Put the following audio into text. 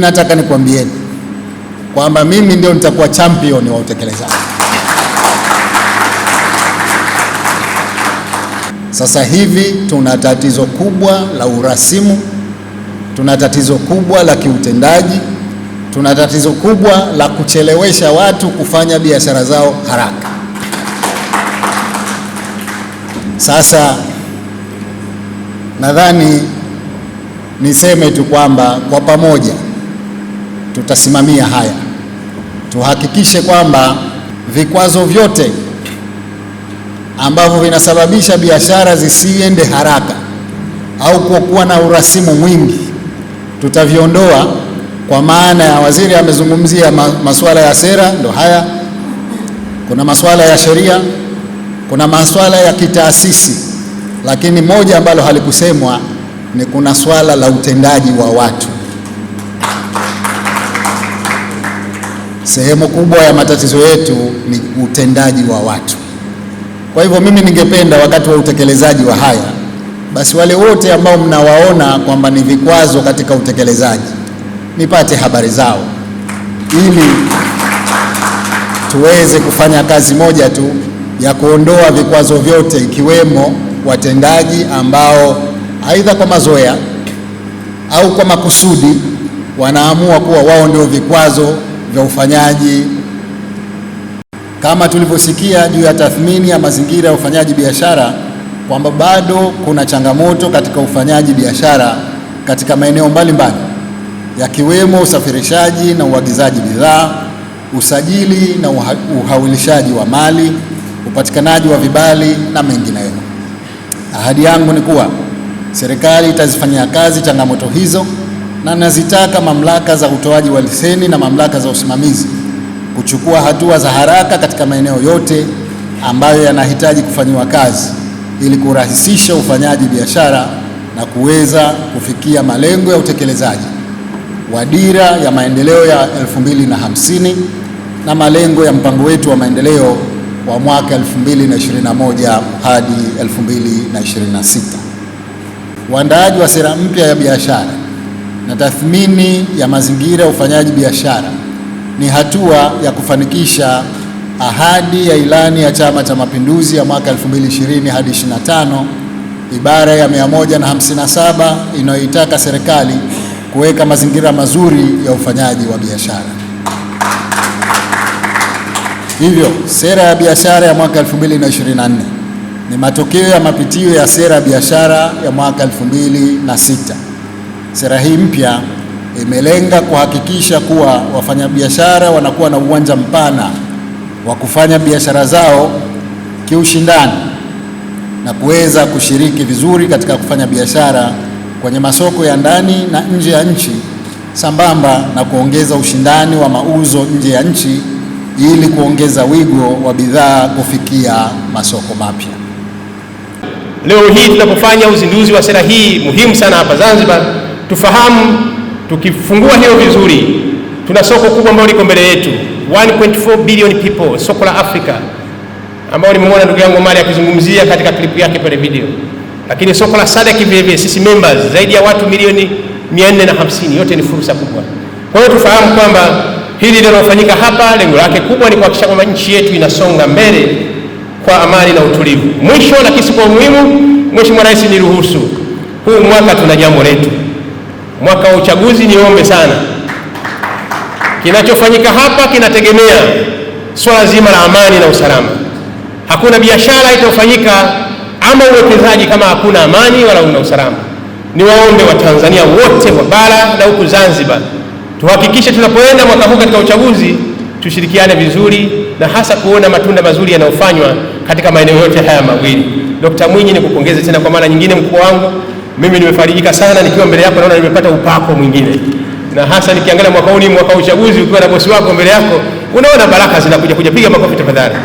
Nataka nikwambieni kwamba mimi ndio nitakuwa champion wa utekelezaji. Sasa hivi tuna tatizo kubwa la urasimu, tuna tatizo kubwa la kiutendaji, tuna tatizo kubwa la kuchelewesha watu kufanya biashara zao haraka. Sasa nadhani niseme tu kwamba kwa pamoja tutasimamia haya, tuhakikishe kwamba vikwazo vyote ambavyo vinasababisha biashara zisiende haraka au kwa kuwa na urasimu mwingi tutaviondoa. Kwa maana ya waziri amezungumzia masuala ya sera, ndo haya kuna masuala ya sheria kuna masuala ya kitaasisi, lakini moja ambalo halikusemwa ni kuna swala la utendaji wa watu. Sehemu kubwa ya matatizo yetu ni utendaji wa watu. Kwa hivyo mimi ningependa wakati wa utekelezaji wa haya, basi wale wote ambao mnawaona kwamba ni vikwazo katika utekelezaji, nipate habari zao ili tuweze kufanya kazi moja tu ya kuondoa vikwazo vyote ikiwemo watendaji ambao aidha kwa mazoea au kwa makusudi wanaamua kuwa wao ndio vikwazo vya ufanyaji, kama tulivyosikia juu ya tathmini ya mazingira ya ufanyaji biashara kwamba bado kuna changamoto katika ufanyaji biashara katika maeneo mbalimbali yakiwemo usafirishaji na uagizaji bidhaa, usajili na uha uhawilishaji wa mali upatikanaji wa vibali na mengineyo. Ahadi yangu ni kuwa serikali itazifanyia kazi changamoto hizo na nazitaka mamlaka za utoaji wa leseni na mamlaka za usimamizi kuchukua hatua za haraka katika maeneo yote ambayo yanahitaji kufanyiwa kazi ili kurahisisha ufanyaji biashara na kuweza kufikia malengo ya utekelezaji wa dira ya maendeleo ya 2050 na malengo ya mpango wetu wa maendeleo wa mwaka 2021 hadi 2026. Uandaaji wa sera mpya ya biashara na tathmini ya mazingira ya ufanyaji biashara ni hatua ya kufanikisha ahadi ya ilani ya Chama cha Mapinduzi ya mwaka 2020 hadi 25 ibara ya 157 inayoitaka serikali kuweka mazingira mazuri ya ufanyaji wa biashara. Hivyo sera ya biashara ya mwaka 2024 ni matokeo ya mapitio ya sera ya biashara ya mwaka 2006. Sera hii mpya imelenga kuhakikisha kuwa wafanyabiashara wanakuwa na uwanja mpana wa kufanya biashara zao kiushindani na kuweza kushiriki vizuri katika kufanya biashara kwenye masoko ya ndani na nje ya nchi sambamba na kuongeza ushindani wa mauzo nje ya nchi ili kuongeza wigo wa bidhaa kufikia masoko mapya. Leo hii tunapofanya uzinduzi wa sera hii muhimu sana hapa Zanzibar, tufahamu tukifungua hiyo vizuri, tuna soko kubwa ambalo liko mbele yetu 1.4 billion people, soko la Afrika ambao nimeona ndugu yangu Omari akizungumzia katika klipu yake pale video, lakini soko la SADC vile vile sisi members zaidi ya watu milioni 450, yote ni fursa kubwa. Kwa hiyo tufahamu kwamba Hili linalofanyika hapa lengo lake kubwa ni kuhakikisha kwamba nchi yetu inasonga mbele kwa amani na utulivu. Mwisho lakini si kwa umuhimu, Mheshimiwa Rais, niruhusu huu mwaka tuna jambo letu, mwaka wa uchaguzi. Niombe sana, kinachofanyika hapa kinategemea swala zima la amani na usalama. Hakuna biashara itayofanyika ama uwekezaji kama hakuna amani wala una usalama. Niwaombe Watanzania wote wa bara na huku Zanzibar Tuhakikishe tunapoenda mwaka huu katika uchaguzi tushirikiane vizuri, na hasa kuona matunda mazuri yanayofanywa katika maeneo yote haya mawili. Dkt. Mwinyi, nikupongeze tena kwa mara nyingine, mkuu wangu. Mimi nimefarijika sana nikiwa mbele yako, naona nimepata upako mwingine, na hasa nikiangalia mwaka huu ni mwaka wa uchaguzi, ukiwa na bosi wako mbele yako, unaona baraka zinakuja kuja. Piga makofi tafadhali.